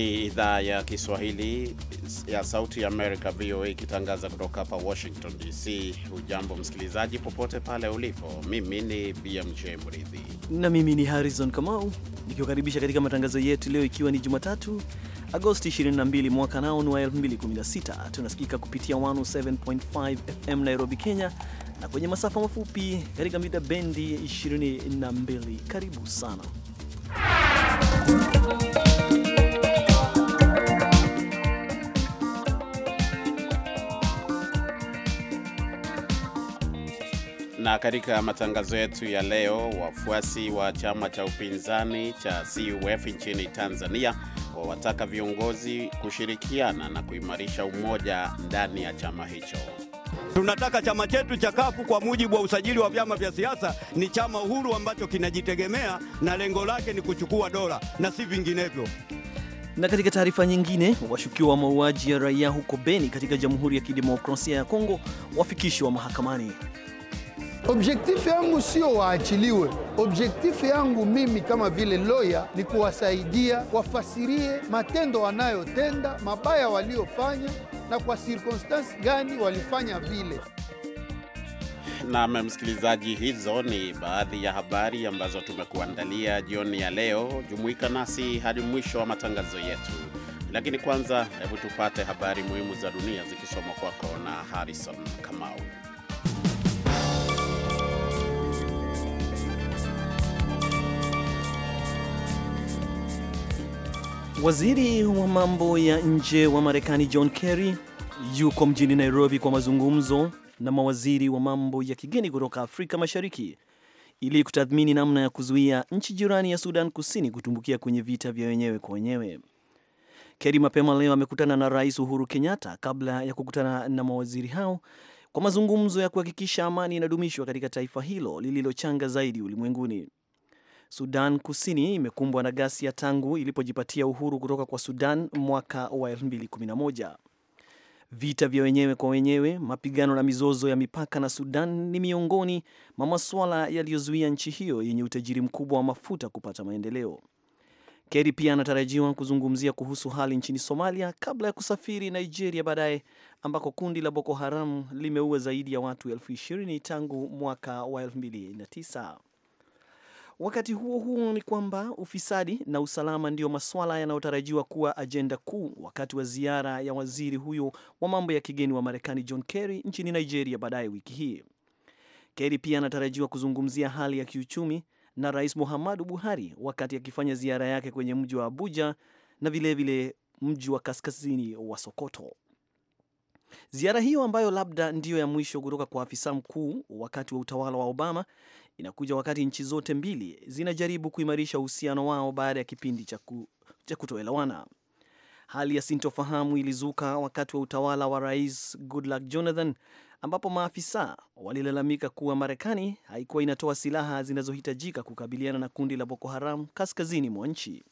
ni idhaa ya Kiswahili ya Sauti ya Amerika, VOA, ikitangaza kutoka hapa Washington DC. Hujambo msikilizaji, popote pale ulipo. Mimi ni BMJ Mridhi na mimi ni Harrison Kamau nikiwakaribisha katika matangazo yetu leo, ikiwa ni Jumatatu Agosti 22 mwaka nao ni wa 2016. Tunasikika kupitia 107.5 FM Nairobi, Kenya na kwenye masafa mafupi katika mita bendi 22. Karibu sana Na katika matangazo yetu ya leo, wafuasi wa chama cha upinzani cha CUF nchini Tanzania wawataka viongozi kushirikiana na kuimarisha umoja ndani ya chama hicho. Tunataka chama chetu cha kafu kwa mujibu wa usajili wa vyama vya siasa ni chama uhuru ambacho kinajitegemea na lengo lake ni kuchukua dola na si vinginevyo. Na katika taarifa nyingine, washukiwa wa mauaji ya raia huko Beni katika Jamhuri ya Kidemokrasia ya Kongo wafikishwa mahakamani. Objektifu yangu sio waachiliwe. Objektifu yangu mimi kama vile loya ni kuwasaidia wafasirie matendo wanayotenda mabaya waliofanya na kwa circumstance gani walifanya vile. Nam msikilizaji, hizo ni baadhi ya habari ambazo tumekuandalia jioni ya leo. Jumuika nasi hadi mwisho wa matangazo yetu, lakini kwanza, hebu tupate habari muhimu za dunia zikisomwa kwako na Harrison Kamau. Waziri wa mambo ya nje wa Marekani John Kerry yuko mjini Nairobi kwa mazungumzo na mawaziri wa mambo ya kigeni kutoka Afrika Mashariki ili kutathmini namna ya kuzuia nchi jirani ya Sudan Kusini kutumbukia kwenye vita vya wenyewe kwa wenyewe. Kerry mapema leo amekutana na Rais Uhuru Kenyatta kabla ya kukutana na mawaziri hao kwa mazungumzo ya kuhakikisha amani inadumishwa katika taifa hilo lililochanga zaidi ulimwenguni. Sudan Kusini imekumbwa na ghasia tangu ilipojipatia uhuru kutoka kwa Sudan mwaka wa 2011. Vita vya wenyewe kwa wenyewe, mapigano na mizozo ya mipaka na Sudan ni miongoni mwa masuala yaliyozuia nchi hiyo yenye utajiri mkubwa wa mafuta kupata maendeleo. keri pia anatarajiwa kuzungumzia kuhusu hali nchini Somalia kabla ya kusafiri Nigeria baadaye, ambako kundi la Boko Haram limeua zaidi ya watu elfu ishirini tangu mwaka wa 2009. Wakati huo huo ni kwamba ufisadi na usalama ndiyo maswala yanayotarajiwa kuwa ajenda kuu wakati wa ziara ya waziri huyo wa mambo ya kigeni wa Marekani John Kerry nchini Nigeria baadaye wiki hii. Kerry pia anatarajiwa kuzungumzia hali ya kiuchumi na Rais Muhammadu Buhari wakati akifanya ya ziara yake kwenye mji wa Abuja na vilevile mji wa kaskazini wa Sokoto. Ziara hiyo ambayo labda ndiyo ya mwisho kutoka kwa afisa mkuu wakati wa utawala wa Obama inakuja wakati nchi zote mbili zinajaribu kuimarisha uhusiano wao baada ya kipindi cha kutoelewana. Hali ya sintofahamu ilizuka wakati wa utawala wa Rais Goodluck Jonathan ambapo maafisa walilalamika kuwa Marekani haikuwa inatoa silaha zinazohitajika kukabiliana na kundi la Boko Haram kaskazini mwa nchi.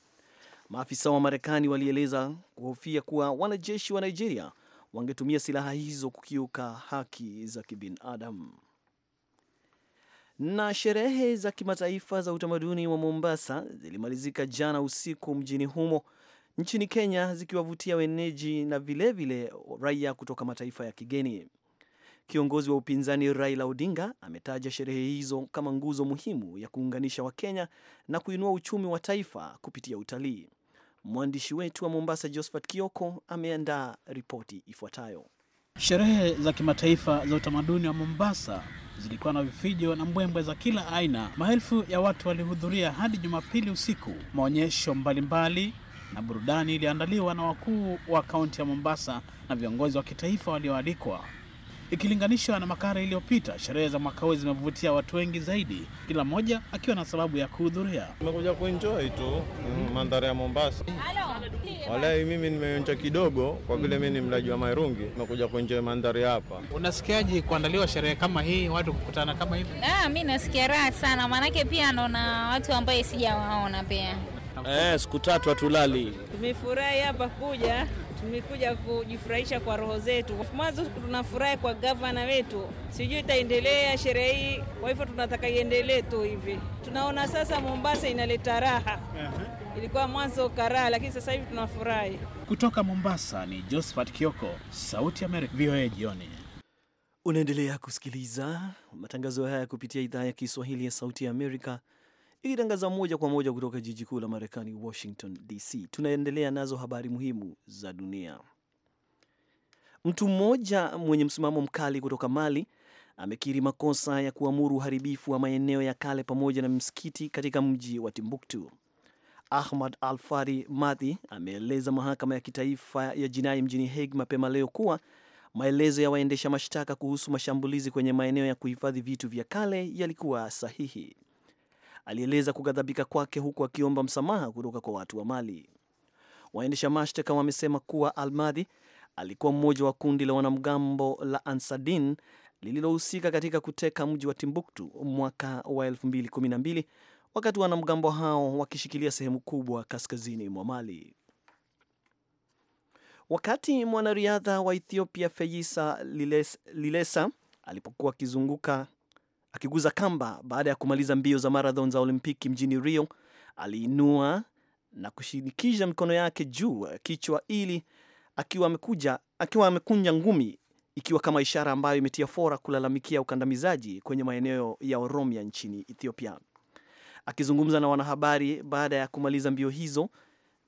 Maafisa wa Marekani walieleza kuhofia kuwa wanajeshi wa Nigeria wangetumia silaha hizo kukiuka haki za kibinadamu. Na sherehe za kimataifa za utamaduni wa Mombasa zilimalizika jana usiku mjini humo nchini Kenya, zikiwavutia wenyeji na vilevile raia kutoka mataifa ya kigeni. Kiongozi wa upinzani Raila Odinga ametaja sherehe hizo kama nguzo muhimu ya kuunganisha Wakenya na kuinua uchumi wa taifa kupitia utalii. Mwandishi wetu wa Mombasa, Josphat Kioko, ameandaa ripoti ifuatayo. Sherehe za kimataifa za utamaduni wa Mombasa zilikuwa na vifijo na mbwembwe za kila aina. Maelfu ya watu walihudhuria hadi Jumapili usiku. Maonyesho mbalimbali na burudani iliandaliwa na wakuu wa kaunti ya Mombasa na viongozi wa kitaifa walioalikwa. Ikilinganishwa na makara iliyopita, sherehe za mwaka huu zimevutia watu wengi zaidi, kila mmoja akiwa na sababu ya kuhudhuria. Nimekuja kuenjoy tu mm, mandhari ya Mombasa. Walai, mimi nimeonja kidogo kwa vile mimi ni mlaji wa Mairungi, nimekuja kuenjoy mandhari hapa. Unasikiaje kuandaliwa sherehe kama hii, watu kukutana kama hivi? Ah, mimi nasikia raha sana, maanake pia naona watu ambaye sijawaona pia. Eh, siku tatu hatulali. Tumefurahi hapa kuja tumekuja kujifurahisha kwa roho zetu. Mwanzo tunafurahi kwa gavana wetu, sijui itaendelea sherehe hii, kwa hivyo tunataka iendelee tu hivi. Tunaona sasa Mombasa inaleta raha uh-huh. Ilikuwa mwanzo karaha, lakini sasa hivi tunafurahi. Kutoka Mombasa ni Josephat Kioko, Sauti ya Amerika, VOA jioni. Unaendelea kusikiliza matangazo haya kupitia idhaa ya Kiswahili ya Sauti ya Amerika ikitangaza moja kwa moja kutoka jiji kuu la Marekani, Washington DC. Tunaendelea nazo habari muhimu za dunia. Mtu mmoja mwenye msimamo mkali kutoka Mali amekiri makosa ya kuamuru uharibifu wa maeneo ya kale pamoja na msikiti katika mji wa Timbuktu. Ahmad Alfari Madhi ameeleza mahakama ya kitaifa ya jinai mjini Hague mapema leo kuwa maelezo ya waendesha mashtaka kuhusu mashambulizi kwenye maeneo ya kuhifadhi vitu vya kale yalikuwa sahihi alieleza kughadhabika kwake huku akiomba msamaha kutoka kwa watu wa Mali. Waendesha mashtaka wamesema kuwa Almadhi alikuwa mmoja wa kundi la wanamgambo la Ansadin lililohusika katika kuteka mji wa Timbuktu mwaka wa 2012 wakati wanamgambo hao wakishikilia sehemu kubwa kaskazini mwa Mali. Wakati mwanariadha wa Ethiopia Feyisa Lilesa alipokuwa akizunguka Akiguza kamba baada ya kumaliza mbio za marathon za Olimpiki mjini Rio, aliinua na kushinikisha mikono yake juu kichwa ili akiwa amekuja akiwa amekunja ngumi ikiwa kama ishara ambayo imetia fora kulalamikia ukandamizaji kwenye maeneo ya Oromia nchini Ethiopia. Akizungumza na wanahabari baada ya kumaliza mbio hizo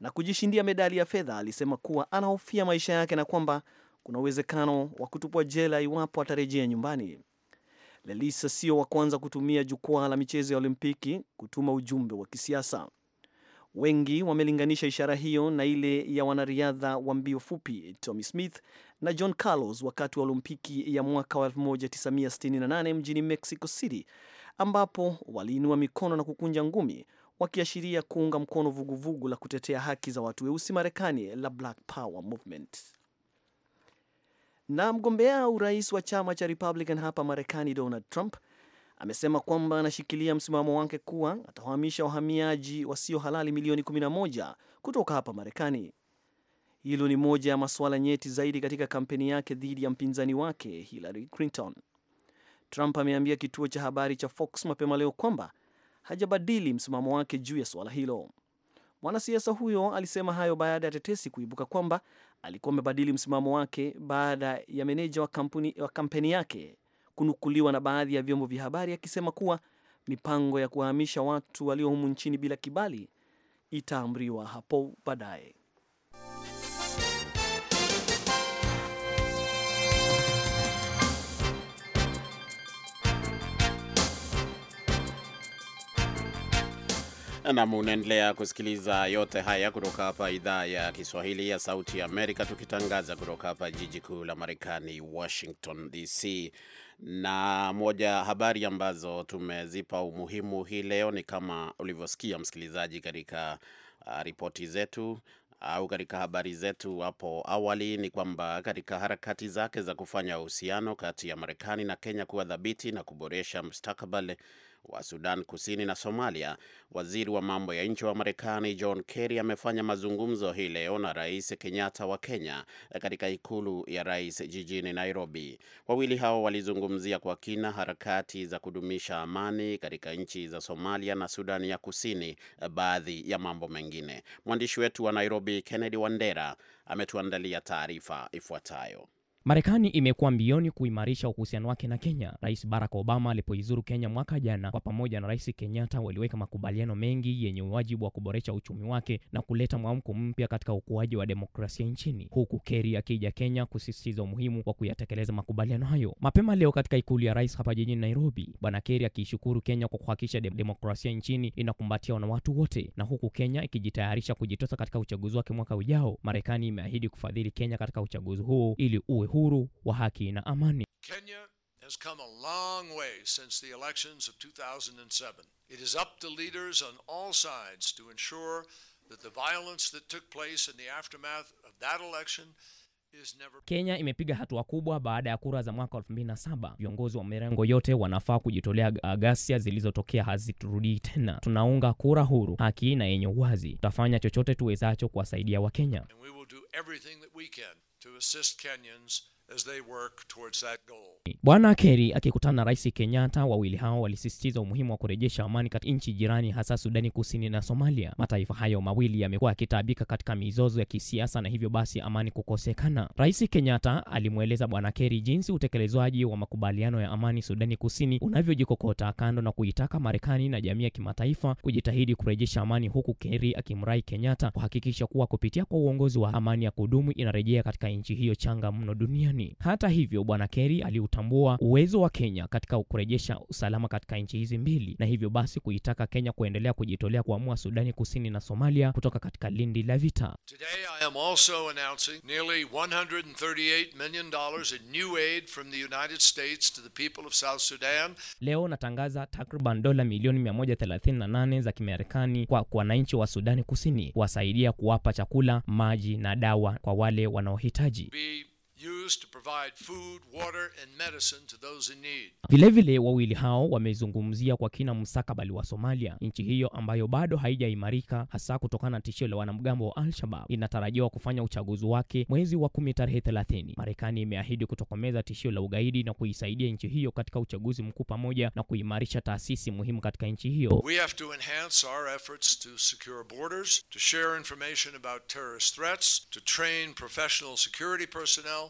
na kujishindia medali ya fedha, alisema kuwa anahofia maisha yake na kwamba kuna uwezekano wa kutupwa jela iwapo atarejea nyumbani. Lelisa sio wa kwanza kutumia jukwaa la michezo ya Olimpiki kutuma ujumbe wa kisiasa. Wengi wamelinganisha ishara hiyo na ile ya wanariadha wa mbio fupi Tommy Smith na John Carlos wakati wa Olimpiki ya mwaka wa 1968 mjini Mexico City, ambapo waliinua mikono na kukunja ngumi wakiashiria kuunga mkono vuguvugu vugu la kutetea haki za watu weusi Marekani la Black Power Movement. Na mgombea urais wa chama cha Republican hapa Marekani, Donald Trump amesema kwamba anashikilia msimamo wake kuwa atahamisha wahamiaji wasio halali milioni 11 kutoka hapa Marekani. Hilo ni moja ya masuala nyeti zaidi katika kampeni yake dhidi ya mpinzani wake Hillary Clinton. Trump ameambia kituo cha habari cha Fox mapema leo kwamba hajabadili msimamo wake juu ya suala hilo. Mwanasiasa huyo alisema hayo baada ya tetesi kuibuka kwamba alikuwa amebadili msimamo wake baada ya meneja wa, kampuni, wa kampeni yake kunukuliwa na baadhi ya vyombo vya habari akisema kuwa mipango ya kuwahamisha watu walio humu nchini bila kibali itaamriwa hapo baadaye. Nam, unaendelea kusikiliza yote haya kutoka hapa idhaa ya Kiswahili ya Sauti ya Amerika, tukitangaza kutoka hapa jiji kuu la Marekani, Washington DC. Na moja habari ambazo tumezipa umuhimu hii leo ni kama ulivyosikia msikilizaji, katika uh, ripoti zetu au katika habari zetu hapo awali ni kwamba katika harakati zake za kufanya uhusiano kati ya Marekani na Kenya kuwa dhabiti na kuboresha mustakabali wa Sudan Kusini na Somalia, waziri wa mambo ya nje wa Marekani John Kerry amefanya mazungumzo hii leo na Rais Kenyatta wa Kenya katika ikulu ya rais jijini Nairobi. Wawili hao walizungumzia kwa kina harakati za kudumisha amani katika nchi za Somalia na Sudani ya Kusini, baadhi ya mambo mengine. Mwandishi wetu wa Nairobi Kennedy Wandera ametuandalia taarifa ifuatayo. Marekani imekuwa mbioni kuimarisha uhusiano wake na Kenya. Rais Barack Obama alipoizuru Kenya mwaka jana, kwa pamoja na Rais Kenyatta waliweka makubaliano mengi yenye wajibu wa kuboresha uchumi wake na kuleta mwamko mpya katika ukuaji wa demokrasia nchini, huku Kerry akija Kenya kusisitiza umuhimu wa kuyatekeleza makubaliano hayo. Mapema leo katika ikulu ya rais hapa jijini Nairobi, Bwana Kerry akiishukuru Kenya kwa kuhakikisha demokrasia nchini inakumbatiwa na watu wote, na huku Kenya ikijitayarisha kujitosa katika uchaguzi wake mwaka ujao, Marekani imeahidi kufadhili Kenya katika uchaguzi huo ili uwe huru wa haki na amani. Kenya has come a long way since the elections of 2007. It is up to leaders on all sides to ensure that the violence that took place in the aftermath of that election Kenya imepiga hatua kubwa baada ya kura za mwaka 2007. Viongozi wa mirengo yote wanafaa kujitolea. Ghasia zilizotokea haziturudii tena. Tunaunga kura huru, haki na yenye uwazi. Tutafanya chochote tuwezacho kuwasaidia Wakenya. And we will do everything that we can assist Kenyans Bwana Kerry akikutana na Rais Kenyatta, wawili hao walisisitiza umuhimu wa kurejesha amani katika nchi jirani, hasa Sudani Kusini na Somalia. Mataifa hayo mawili yamekuwa yakitaabika katika mizozo ya kisiasa na hivyo basi amani kukosekana. Rais Kenyatta alimweleza Bwana Kerry jinsi utekelezwaji wa makubaliano ya amani Sudani Kusini unavyojikokota kando, na kuitaka Marekani na jamii ya kimataifa kujitahidi kurejesha amani, huku Kerry akimrai Kenyatta kuhakikisha kuwa kupitia kwa uongozi wa amani ya kudumu inarejea katika nchi hiyo changa mno duniani nchini. Hata hivyo, Bwana Kerry aliutambua uwezo wa Kenya katika kurejesha usalama katika nchi hizi mbili, na hivyo basi kuitaka Kenya kuendelea kujitolea kuamua Sudani Kusini na Somalia kutoka katika lindi la vita. Today I am also announcing nearly 138 million dollars in new aid from the United States to the people of South Sudan. Leo natangaza takriban dola milioni 138 za Kimarekani kwa wananchi wa Sudani Kusini kuwasaidia kuwapa chakula, maji na dawa kwa wale wanaohitaji. Vilevile wawili hao wamezungumzia kwa kina mustakabali wa Somalia, nchi hiyo ambayo bado haijaimarika hasa kutokana na tishio la wanamgambo wa Al-Shabab. Inatarajiwa kufanya uchaguzi wake mwezi wa kumi tarehe 30. Marekani imeahidi kutokomeza tishio la ugaidi na kuisaidia nchi hiyo katika uchaguzi mkuu pamoja na kuimarisha taasisi muhimu katika nchi hiyo. We have to enhance our efforts to secure borders, to share information about terrorist threats, to train professional security personnel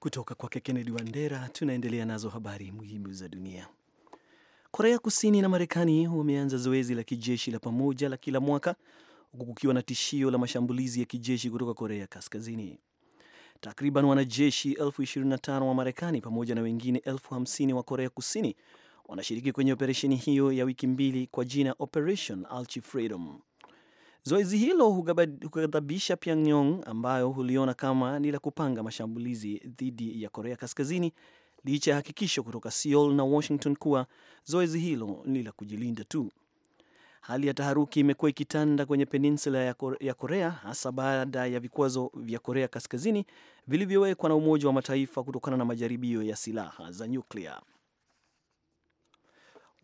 Kutoka kwake Kennedy Wandera. Tunaendelea nazo habari muhimu za dunia. Korea Kusini na Marekani wameanza zoezi la kijeshi la pamoja la kila mwaka huku kukiwa na tishio la mashambulizi ya kijeshi kutoka Korea Kaskazini. Takriban wanajeshi elfu 25 wa Marekani pamoja na wengine elfu 50 wa Korea Kusini wanashiriki kwenye operesheni hiyo ya wiki mbili kwa jina Operation Alchi Freedom. Zoezi hilo hukadhabisha Pyongyang ambayo huliona kama ni la kupanga mashambulizi dhidi ya Korea Kaskazini licha ya hakikisho kutoka Seoul na Washington kuwa zoezi hilo ni la kujilinda tu. Hali ya taharuki imekuwa ikitanda kwenye peninsula ya Korea hasa baada ya vikwazo vya Korea Kaskazini vilivyowekwa na Umoja wa Mataifa kutokana na majaribio ya silaha za nyuklia.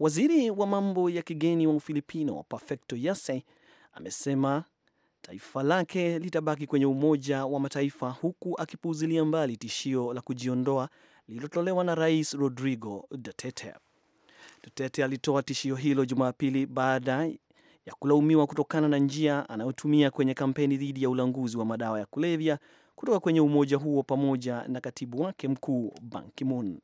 Waziri wa mambo ya kigeni wa Ufilipino Perfecto Yasay amesema taifa lake litabaki kwenye Umoja wa Mataifa, huku akipuuzilia mbali tishio la kujiondoa lililotolewa na Rais Rodrigo Duterte. Duterte alitoa tishio hilo Jumapili baada ya kulaumiwa kutokana na njia anayotumia kwenye kampeni dhidi ya ulanguzi wa madawa ya kulevya kutoka kwenye umoja huo pamoja na katibu wake mkuu Ban Ki-moon.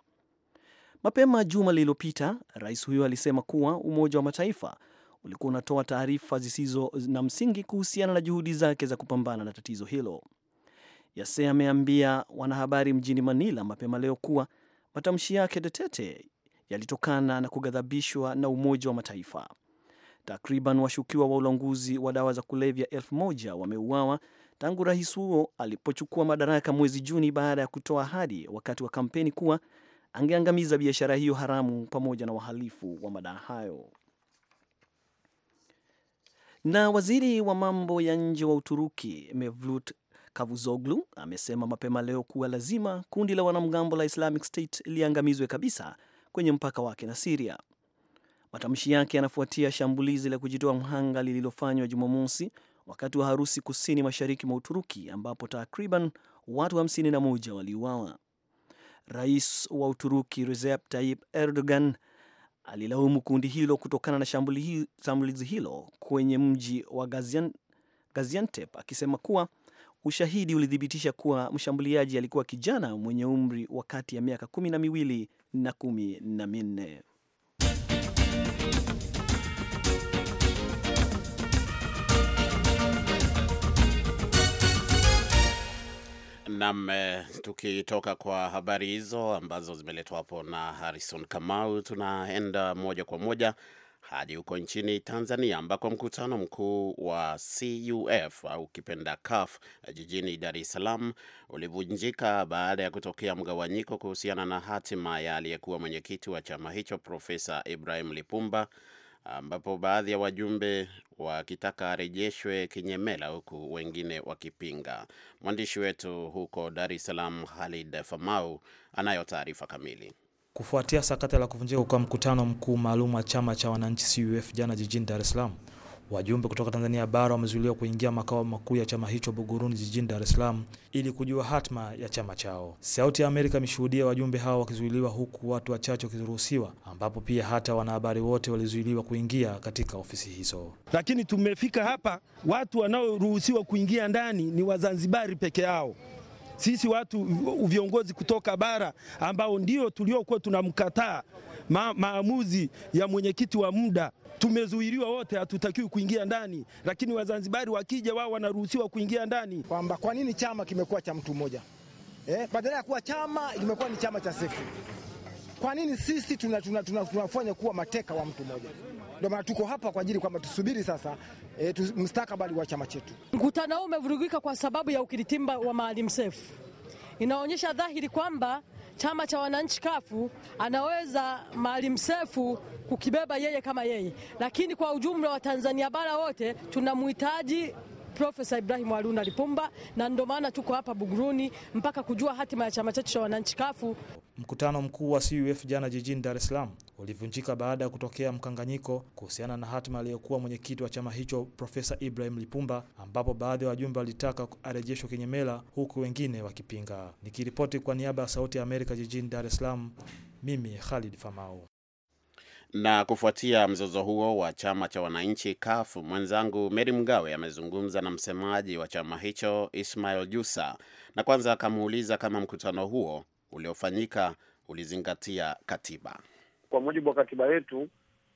Mapema juma lililopita, rais huyo alisema kuwa Umoja wa Mataifa ulikuwa unatoa taarifa zisizo na msingi kuhusiana na juhudi zake za kupambana na tatizo hilo. Yase ameambia wanahabari mjini Manila mapema leo kuwa matamshi yake tetete yalitokana na kughadhabishwa na Umoja wa Mataifa. Takriban washukiwa wa ulanguzi wa dawa za kulevya elfu moja wameuawa tangu rais huo alipochukua madaraka mwezi Juni baada ya kutoa ahadi wakati wa kampeni kuwa angeangamiza biashara hiyo haramu pamoja na wahalifu wa madawa hayo. Na waziri wa mambo ya nje wa Uturuki Mevlut Kavuzoglu amesema mapema leo kuwa lazima kundi la wanamgambo la Islamic State liangamizwe kabisa kwenye mpaka wake na Siria. Matamshi yake yanafuatia shambulizi la kujitoa mhanga lililofanywa Jumamosi wakati wa harusi kusini mashariki mwa Uturuki ambapo takriban watu 51 wa waliuawa. Rais wa Uturuki Recep Tayyip Erdogan alilaumu kundi hilo kutokana na shambulizi hilo kwenye mji wa Gazian, Gaziantep akisema kuwa ushahidi ulithibitisha kuwa mshambuliaji alikuwa kijana mwenye umri wa kati ya miaka kumi na miwili na kumi na minne. Nam, eh, tukitoka kwa habari hizo ambazo zimeletwa hapo na Harrison Kamau, tunaenda moja kwa moja hadi huko nchini Tanzania ambako mkutano mkuu wa CUF au kipenda CAF jijini Dar es Salaam ulivunjika baada ya kutokea mgawanyiko kuhusiana na hatima ya aliyekuwa mwenyekiti wa chama hicho Profesa Ibrahim Lipumba ambapo baadhi ya wajumbe wakitaka arejeshwe kinyemela huku wengine wakipinga. Mwandishi wetu huko Dar es Salaam Khalid Famau anayo taarifa kamili. Kufuatia sakata la kuvunjika kwa mkutano mkuu maalum wa chama cha wananchi CUF jana jijini Dar es Salaam Wajumbe kutoka Tanzania bara wamezuiliwa kuingia makao makuu ya chama hicho Buguruni jijini Dar es Salaam ili kujua hatma ya chama chao. Sauti ya Amerika imeshuhudia wajumbe hao wakizuiliwa huku watu wachache wakiruhusiwa, ambapo pia hata wanahabari wote walizuiliwa kuingia katika ofisi hizo. Lakini tumefika hapa, watu wanaoruhusiwa kuingia ndani ni Wazanzibari peke yao. Sisi watu viongozi kutoka bara ambao ndio tuliokuwa tunamkataa ma, maamuzi ya mwenyekiti wa muda tumezuiliwa wote, hatutakiwi kuingia ndani, lakini Wazanzibari wakija wao wanaruhusiwa kuingia ndani. Kwamba kwa nini chama kimekuwa cha mtu mmoja eh? Badala ya kuwa chama kimekuwa ni chama cha sefu. Kwa nini sisi tunafanya tuna, tuna, tuna kuwa mateka wa mtu mmoja? Ndio maana tuko hapa kwa ajili kwamba tusubiri sasa e, eh, mstakabali wa chama chetu. Mkutano huu umevurugika kwa sababu ya ukiritimba wa Maalim Seif. Inaonyesha dhahiri kwamba chama cha wananchi kafu anaweza Maalim Seif kukibeba yeye kama yeye, lakini kwa ujumla wa Tanzania bara wote tunamhitaji Profesa Ibrahim Haruna Lipumba, na ndio maana tuko hapa Buguruni mpaka kujua hatima ya chama chetu cha wananchi kafu. Mkutano mkuu wa CUF jana jijini Dar es Salaam ulivunjika baada ya kutokea mkanganyiko kuhusiana na hatima aliyokuwa mwenyekiti wa chama hicho Profesa Ibrahim Lipumba, ambapo baadhi ya wajumbe walitaka arejeshwe kinyemela huku wengine wakipinga. Nikiripoti kwa niaba ya Sauti ya Amerika jijini Dar es Salaam, mimi Khalid Famau. Na kufuatia mzozo huo wa chama cha wananchi CUF, mwenzangu Meri Mgawe amezungumza na msemaji wa chama hicho Ismail Jusa, na kwanza akamuuliza kama mkutano huo uliofanyika ulizingatia katiba. Kwa mujibu wa katiba yetu,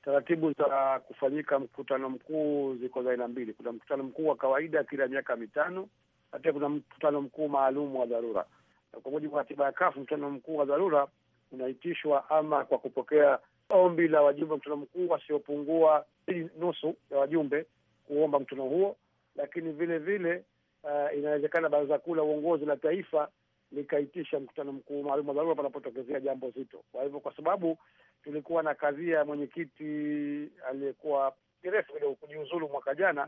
taratibu za kufanyika mkutano mkuu ziko za aina mbili. Kuna mkutano mkuu wa kawaida kila miaka mitano na pia kuna mkutano mkuu maalum wa dharura. Kwa mujibu wa katiba ya CUF, mkutano mkuu wa dharura unaitishwa ama kwa kupokea ombi la wajumbe wa mkutano mkuu wasiopungua nusu ya wajumbe kuomba mkutano huo, lakini vile vile uh, inawezekana baraza kuu la uongozi la taifa likaitisha mkutano mkuu maalum wa dharura panapotokezea jambo zito. Kwa hivyo, kwa sababu tulikuwa na kadhia ya mwenyekiti aliyekuwa kirefu kujiuzulu mwaka jana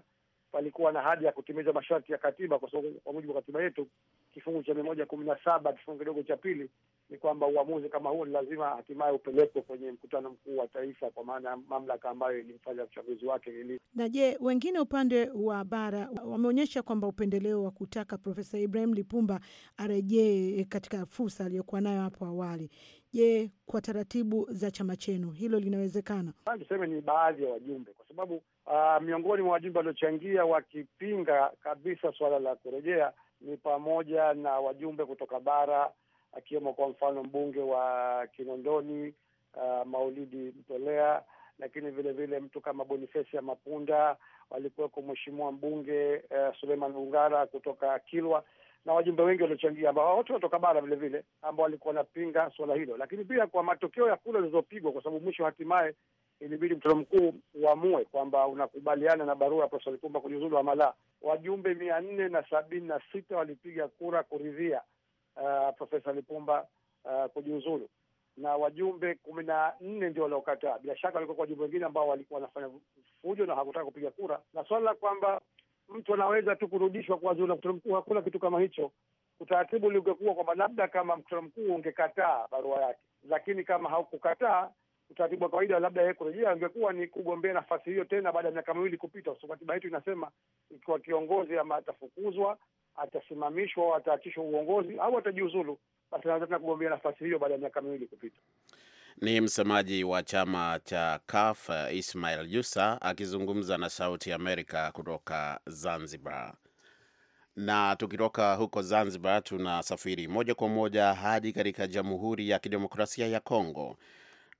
palikuwa na haja ya kutimiza masharti ya katiba, kwa sababu kwa mujibu wa katiba yetu kifungu cha mia moja kumi na saba kifungu kidogo cha pili ni kwamba uamuzi kama huo ni lazima hatimaye upelekwe kwenye mkutano mkuu wa taifa, kwa maana ya mamlaka ambayo ilifanya uchaguzi wake ili. Na je, wengine upande wa bara wameonyesha kwamba upendeleo wa kutaka Profesa Ibrahim Lipumba arejee katika fursa aliyokuwa nayo hapo awali. Je, kwa taratibu za chama chenu hilo linawezekana? Tuseme ni baadhi ya wajumbe, kwa sababu Uh, miongoni mwa wajumbe waliochangia wakipinga kabisa suala la kurejea ni pamoja na wajumbe kutoka bara, akiwemo kwa mfano mbunge wa Kinondoni uh, Maulidi Mtolea, lakini vile vile mtu kama Bonifesi ya Mapunda, walikuweko mheshimiwa mbunge uh, Suleiman Bungara kutoka Kilwa na wajumbe wengi waliochangia ambao wote kutoka bara vile vile ambao walikuwa wanapinga suala hilo, lakini pia kwa matokeo ya kura zilizopigwa, kwa sababu mwisho hatimaye ilibidi mkutano mkuu uamue kwamba unakubaliana na barua ya Profesa Lipumba kujiuzulu ama la. Wajumbe mia nne na sabini na sita walipiga kura kuridhia uh, Profesa Lipumba uh, kujiuzulu na wajumbe kumi na nne ndio waliokataa. Bila shaka walikuwa wajumbe wengine ambao walikuwa wanafanya fujo na hakutaka kupiga kura, na swala la kwamba mtu anaweza tu kurudishwa kwa azulu na mkutano mkuu, hakuna kitu kama hicho. Utaratibu ulikuwa kwamba labda kama mkutano mkuu ungekataa barua yake, lakini kama haukukataa utaratibu wa kawaida labda yeye kurejea angekuwa ni kugombea nafasi hiyo tena baada ya miaka miwili kupita, kwa katiba yetu inasema ikiwa kiongozi ama atafukuzwa, atasimamishwa au ataachishwa uongozi au atajiuzulu, basi anaweza tena kugombea nafasi hiyo baada ya miaka miwili kupita. Ni msemaji wa chama cha CUF Ismail Jusa akizungumza na Sauti Amerika kutoka Zanzibar. Na tukitoka huko Zanzibar, tunasafiri moja kwa moja hadi katika Jamhuri ya Kidemokrasia ya Kongo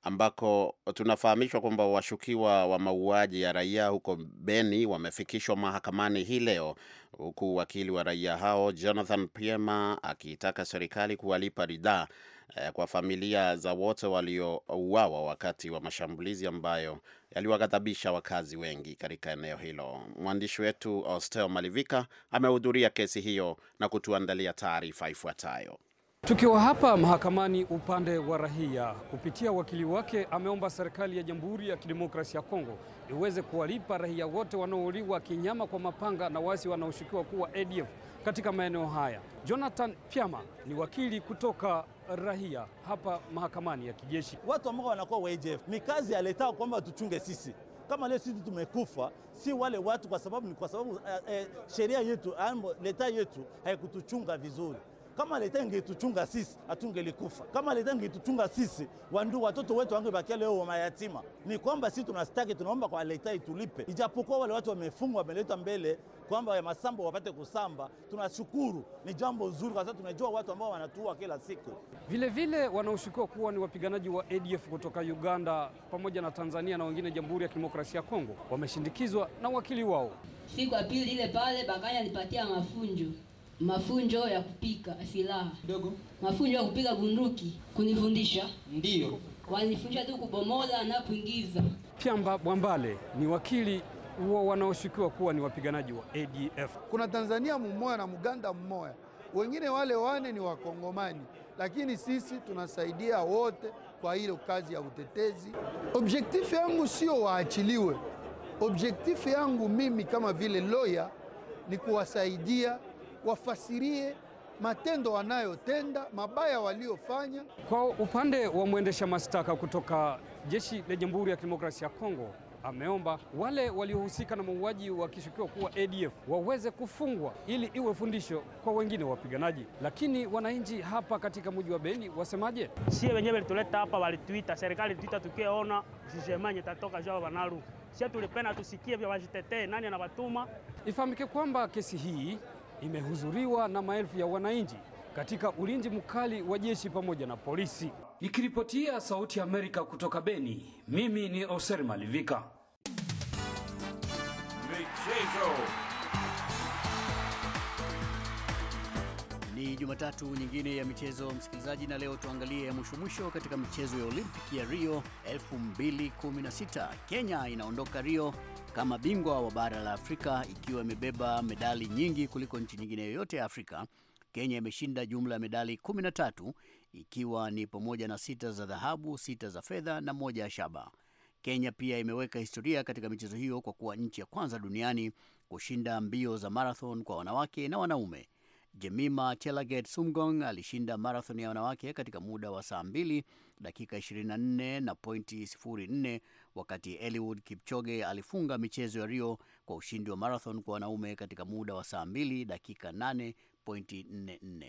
ambako tunafahamishwa kwamba washukiwa wa mauaji ya raia huko Beni wamefikishwa mahakamani hii leo, huku wakili wa raia hao Jonathan Piema akiitaka serikali kuwalipa ridhaa eh, kwa familia za wote waliouawa wakati wa mashambulizi ambayo yaliwaghadhabisha wakazi wengi katika eneo hilo. Mwandishi wetu Osteo Malivika amehudhuria kesi hiyo na kutuandalia taarifa ifuatayo. Tukiwa hapa mahakamani, upande wa rahia kupitia wakili wake ameomba serikali ya Jamhuri ya Kidemokrasia ya Kongo iweze kuwalipa rahia wote wanaouliwa kinyama kwa mapanga na waasi wanaoshukiwa kuwa ADF katika maeneo haya. Jonathan Pyama ni wakili kutoka rahia hapa mahakamani ya kijeshi. Watu ambao wanakuwa wa ADF ni kazi ya leta kwamba tuchunge sisi kama leo sisi tumekufa, si wale watu, kwa sababu ni kwa sababu eh, eh sheria yetu leta yetu haikutuchunga vizuri. Kama leta ingetuchunga sisi hatungelikufa. Kama leta ingetuchunga sisi wandu watoto wetu wangebakia leo mayatima. Ni kwamba sisi tunastaki, tunaomba kwa leta itulipe, ijapokuwa wale watu wamefungwa, wameletwa mbele kwamba ya masambo wapate kusamba. Tunashukuru, ni jambo zuri, kwa sababu tunajua watu ambao wanatua kila siku. Vilevile wanaoshukiwa kuwa ni wapiganaji wa ADF kutoka Uganda pamoja na Tanzania na wengine Jamhuri ya Kidemokrasia ya Kongo wameshindikizwa na wakili wao. Siku ya pili ile pale Bakanya alipatia mafunjo mafunjo ya kupika silaha ndogo, mafunjo ya kupika bunduki. Kunifundisha ndio wanifundisha tu kubomola na kuingiza. Pyamba Bwambale ni wakili huo wanaoshukiwa kuwa ni wapiganaji wa ADF. Kuna Tanzania mmoja na Muganda mmoja, wengine wale wane ni Wakongomani, lakini sisi tunasaidia wote kwa ile kazi ya utetezi. Objektifu yangu sio waachiliwe, objektifu yangu mimi kama vile loya ni kuwasaidia wafasirie matendo wanayotenda mabaya waliofanya. Kwa upande wa mwendesha mashtaka kutoka jeshi la Jamhuri ya Kidemokrasia ya Kongo ameomba wale waliohusika na mauaji wakishukiwa kuwa ADF waweze kufungwa ili iwe fundisho kwa wengine wapiganaji. Lakini wananchi hapa katika mji wa Beni wasemaje? Sie wenyewe walituleta hapa, walituita serikali tuita, tukiona jijemanye tatoka jao banaru, sie tulipenda tusikie vya wajitetee, nani anawatuma Ifahamike kwamba kesi hii imehudhuriwa na maelfu ya wananchi katika ulinzi mkali wa jeshi pamoja na polisi. nikiripotia Sauti ya Amerika kutoka Beni, mimi ni Oser Malivika. Michezo. Ni Jumatatu nyingine ya michezo msikilizaji, na leo tuangalie ya mwisho mwisho katika michezo ya Olimpiki ya Rio 2016. Kenya inaondoka Rio kama bingwa wa bara la Afrika ikiwa imebeba medali nyingi kuliko nchi nyingine yoyote ya Afrika. Kenya imeshinda jumla ya medali 13 ikiwa ni pamoja na sita za dhahabu, sita za fedha na moja ya shaba. Kenya pia imeweka historia katika michezo hiyo kwa kuwa nchi ya kwanza duniani kushinda mbio za marathon kwa wanawake na wanaume. Jemima Chelaget Sumgong alishinda marathon ya wanawake katika muda wa saa 2 dakika 24 na pointi 04, wakati Eliud Kipchoge alifunga michezo ya Rio kwa ushindi wa marathon kwa wanaume katika muda wa saa 2 dakika 8 pointi 44.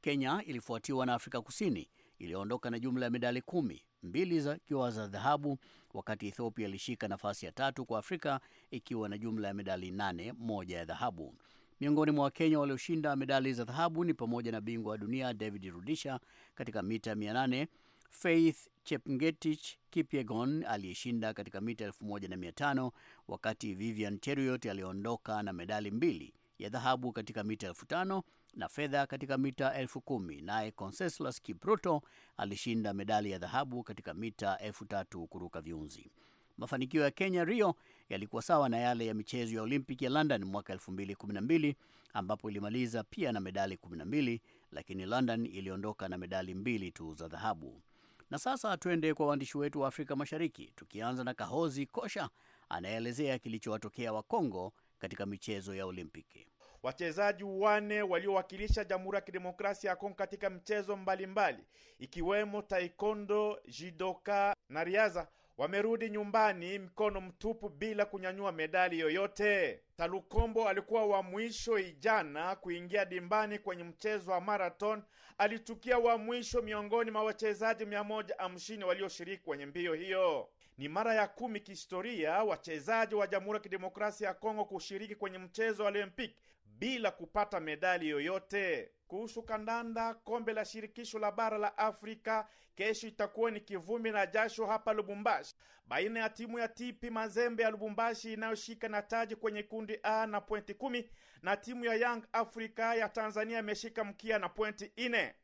Kenya ilifuatiwa na Afrika Kusini iliyoondoka na jumla ya medali kumi, mbili zikiwa za dhahabu, wakati Ethiopia ilishika nafasi ya tatu kwa Afrika ikiwa na jumla ya medali nane, moja ya dhahabu. Miongoni mwa Wakenya walioshinda medali za dhahabu ni pamoja na bingwa wa dunia David Rudisha katika mita 800, Faith Chepngetich Kipyegon aliyeshinda katika mita 1500, wakati Vivian Cheruiyot aliondoka na medali mbili, ya dhahabu katika mita 5000 na fedha katika mita 10000. Naye Conseslus Kipruto alishinda medali ya dhahabu katika mita 3000 kuruka viunzi. Mafanikio ya Kenya Rio yalikuwa sawa na yale ya michezo ya Olympic ya London mwaka 2012 ambapo ilimaliza pia na medali 12, lakini London iliondoka na medali mbili tu za dhahabu. Na sasa twende kwa waandishi wetu wa Afrika Mashariki, tukianza na Kahozi Kosha anaelezea kilichowatokea wa Kongo katika michezo ya Olimpiki. Wachezaji wane waliowakilisha Jamhuri ya Kidemokrasia ya Kongo katika mchezo mbalimbali mbali, ikiwemo taekwondo, jidoka na riadha Wamerudi nyumbani mkono mtupu bila kunyanyua medali yoyote. Talukombo alikuwa wa mwisho ijana kuingia dimbani kwenye mchezo wa marathon. Alitukia wa mwisho miongoni mwa wachezaji mia moja hamsini walioshiriki kwenye mbio hiyo. Ni mara ya kumi kihistoria wachezaji wa Jamhuri ya Kidemokrasia ya Kongo kushiriki kwenye mchezo wa Olimpiki bila kupata medali yoyote kuhusu kandanda kombe la shirikisho la bara la Afrika. Kesho itakuwa ni kivumbi na jasho hapa Lubumbashi, baina ya timu ya TP Mazembe ya Lubumbashi inayoshika na taji kwenye kundi A na pointi kumi na timu ya Young Africa ya Tanzania imeshika mkia na pointi ine.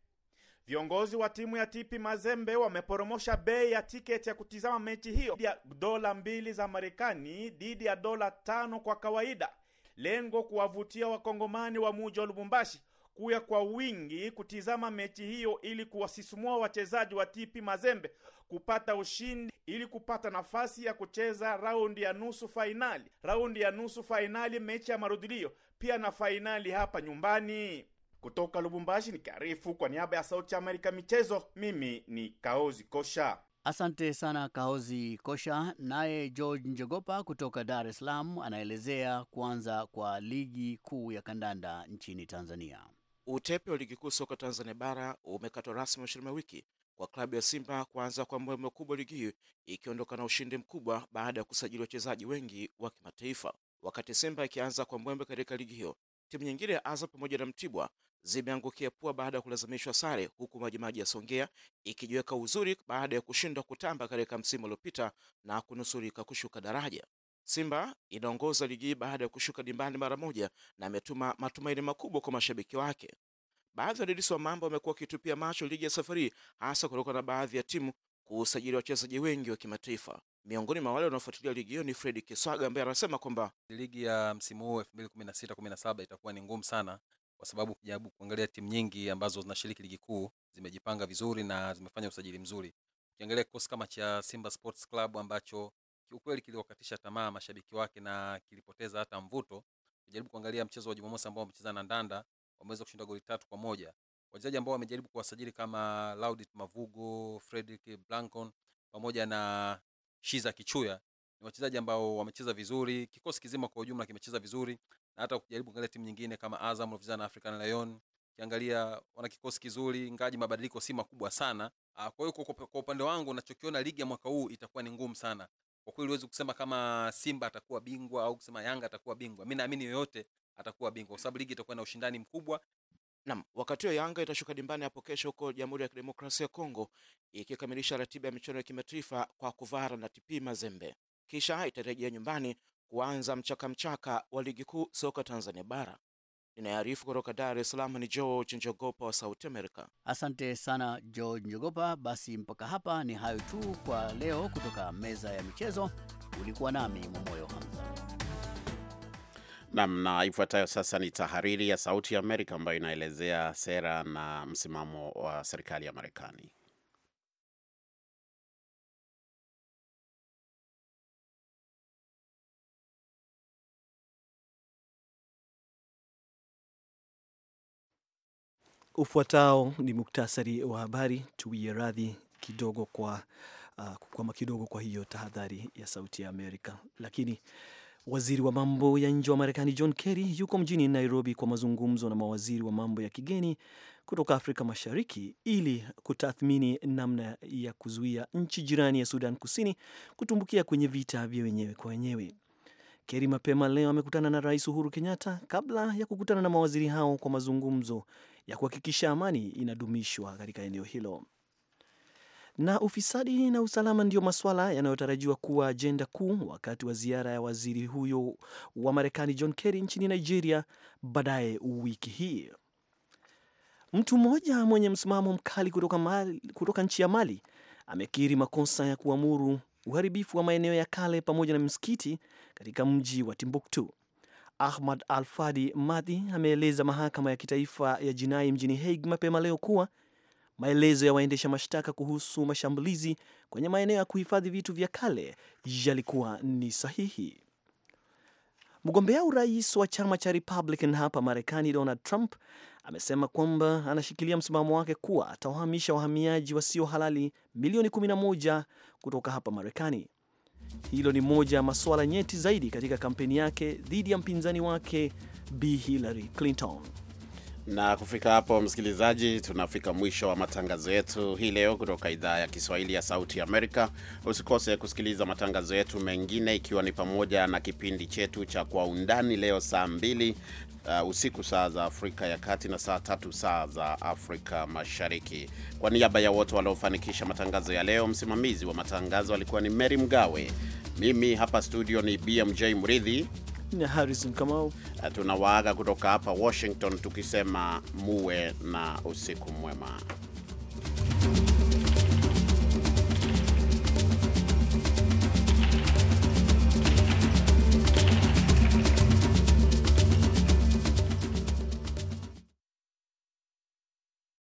Viongozi wa timu ya TP Mazembe wameporomosha bei ya tiketi ya kutizama mechi hiyo ya dola mbili za Marekani dhidi ya dola tano kwa kawaida, lengo kuwavutia wakongomani wa muji wa Lubumbashi kuya kwa wingi kutizama mechi hiyo ili kuwasisimua wachezaji wa TP Mazembe kupata ushindi ili kupata nafasi ya kucheza raundi ya nusu fainali, raundi ya nusu fainali, mechi ya marudilio pia na fainali hapa nyumbani. Kutoka Lubumbashi ni karifu kwa niaba ya Sauti ya Amerika michezo, mimi ni Kaozi Kosha. Asante sana Kaozi Kosha. Naye George Njogopa kutoka Dar es Salaam anaelezea kuanza kwa ligi kuu ya kandanda nchini Tanzania. Utepe wa ligi kuu soka Tanzania bara umekatwa rasmi mwishoni mwa wiki kwa klabu ya Simba kuanza kwa mwema kubwa ligi hiyo ikiondoka na ushindi mkubwa baada ya kusajili wachezaji wengi wa kimataifa. Wakati Simba ikianza kwa mwembe katika ligi hiyo, timu nyingine ya aza pamoja na Mtibwa zimeangukia pua baada ya kulazimishwa sare, huku Majimaji ya Songea ikijiweka uzuri baada ya kushindwa kutamba katika msimu uliopita na kunusurika kushuka daraja. Simba inaongoza ligi hii baada ya kushuka dimbani mara moja na ametuma matumaini makubwa kwa mashabiki wake. Baadhi ya wadadisi wa mambo wamekuwa wakitupia macho ligi ya safari, hasa kutokana na baadhi ya timu kuusajili wachezaji wengi wa kimataifa. Miongoni mwa wale wanaofuatilia ligi hiyo ni Fred Kiswaga ambaye anasema kwamba ligi ya msimu huu 2016 17 itakuwa ni ngumu sana, kwa sababu ukijaribu kuangalia timu nyingi ambazo zinashiriki ligi kuu zimejipanga vizuri na zimefanya usajili mzuri. Ukiangalia kikosi kama cha Simba Sports Club ambacho kiukweli kiliwakatisha tamaa mashabiki wake na kilipoteza hata mvuto. Kujaribu kuangalia mchezo wa Jumamosi ambao wamecheza na Ndanda, wameweza kushinda goli tatu kwa moja. Wachezaji ambao wamejaribu kuwasajili kama Laudit Mavugo, Frederick Blancon pamoja na Shiza Kichuya ni wachezaji ambao wamecheza vizuri. Kikosi kizima kwa ujumla kimecheza vizuri, na hata kujaribu kuangalia timu nyingine kama Azam wamecheza na African Lion, kiangalia wana kikosi kizuri, ngaji mabadiliko si makubwa sana. Ah, kwa hiyo kwa upande wangu, nachokiona ligi ya mwaka huu itakuwa ni ngumu sana, kwa kweli huwezi kusema kama Simba atakuwa bingwa au kusema Yanga atakuwa bingwa. mi naamini yoyote atakuwa bingwa, kwa sababu ligi itakuwa na ushindani mkubwa. nam wakati huo Yanga itashuka dimbani hapo kesho huko Jamhuri ya Kidemokrasia ya Kongo ikikamilisha ratiba ya michuano ya kimataifa kwa kuvara na TP Mazembe, kisha itarejea nyumbani kuanza mchakamchaka wa ligi kuu soka Tanzania bara. Inayoarifu kutoka Dar es Salaam ni George Njogopa wa Sauti america Asante sana George Njogopa. Basi mpaka hapa ni hayo tu kwa leo kutoka meza ya michezo. Ulikuwa nami Momoyo Hamza nam. Na ifuatayo sasa ni tahariri ya Sauti ya Amerika ambayo inaelezea sera na msimamo wa serikali ya Marekani. Ufuatao ni muktasari wa habari. Tuwie radhi kidogo kwa uh, kukwama kidogo kwa hiyo tahadhari ya Sauti ya Amerika. Lakini waziri wa mambo ya nje wa Marekani John Kerry yuko mjini Nairobi kwa mazungumzo na mawaziri wa mambo ya kigeni kutoka Afrika Mashariki ili kutathmini namna ya kuzuia nchi jirani ya Sudan Kusini kutumbukia kwenye vita vya wenyewe kwa wenyewe. Keri mapema leo amekutana na Rais Uhuru Kenyatta kabla ya kukutana na mawaziri hao kwa mazungumzo ya kuhakikisha amani inadumishwa katika eneo hilo. Na ufisadi na usalama ndiyo maswala yanayotarajiwa kuwa ajenda kuu wakati wa ziara ya waziri huyo wa Marekani John Kerry nchini Nigeria baadaye wiki hii. Mtu mmoja mwenye msimamo mkali kutoka, Mali, kutoka nchi ya Mali amekiri makosa ya kuamuru uharibifu wa maeneo ya kale pamoja na msikiti katika mji wa Timbuktu. Ahmad Al-Fadi Madhi ameeleza mahakama ya kitaifa ya jinai mjini Hague mapema leo kuwa maelezo ya waendesha mashtaka kuhusu mashambulizi kwenye maeneo ya kuhifadhi vitu vya kale yalikuwa ni sahihi. Mgombea urais wa chama cha Republican hapa Marekani, Donald Trump amesema kwamba anashikilia msimamo wake kuwa atawahamisha wahamiaji wasio halali milioni 11 kutoka hapa Marekani. Hilo ni moja ya masuala nyeti zaidi katika kampeni yake dhidi ya mpinzani wake b Hillary Clinton. Na kufika hapo, msikilizaji, tunafika mwisho wa matangazo yetu hii leo kutoka idhaa ya Kiswahili ya Sauti Amerika. Usikose kusikiliza matangazo yetu mengine, ikiwa ni pamoja na kipindi chetu cha Kwa Undani leo saa mbili uh, usiku saa za Afrika ya Kati na saa tatu saa za Afrika Mashariki. Kwa niaba ya wote waliofanikisha matangazo ya leo, msimamizi wa matangazo alikuwa ni Mary Mgawe. Mimi hapa studio ni BMJ Mridhi na Harrison Kamau. Uh, tunawaaga kutoka hapa Washington tukisema muwe na usiku mwema.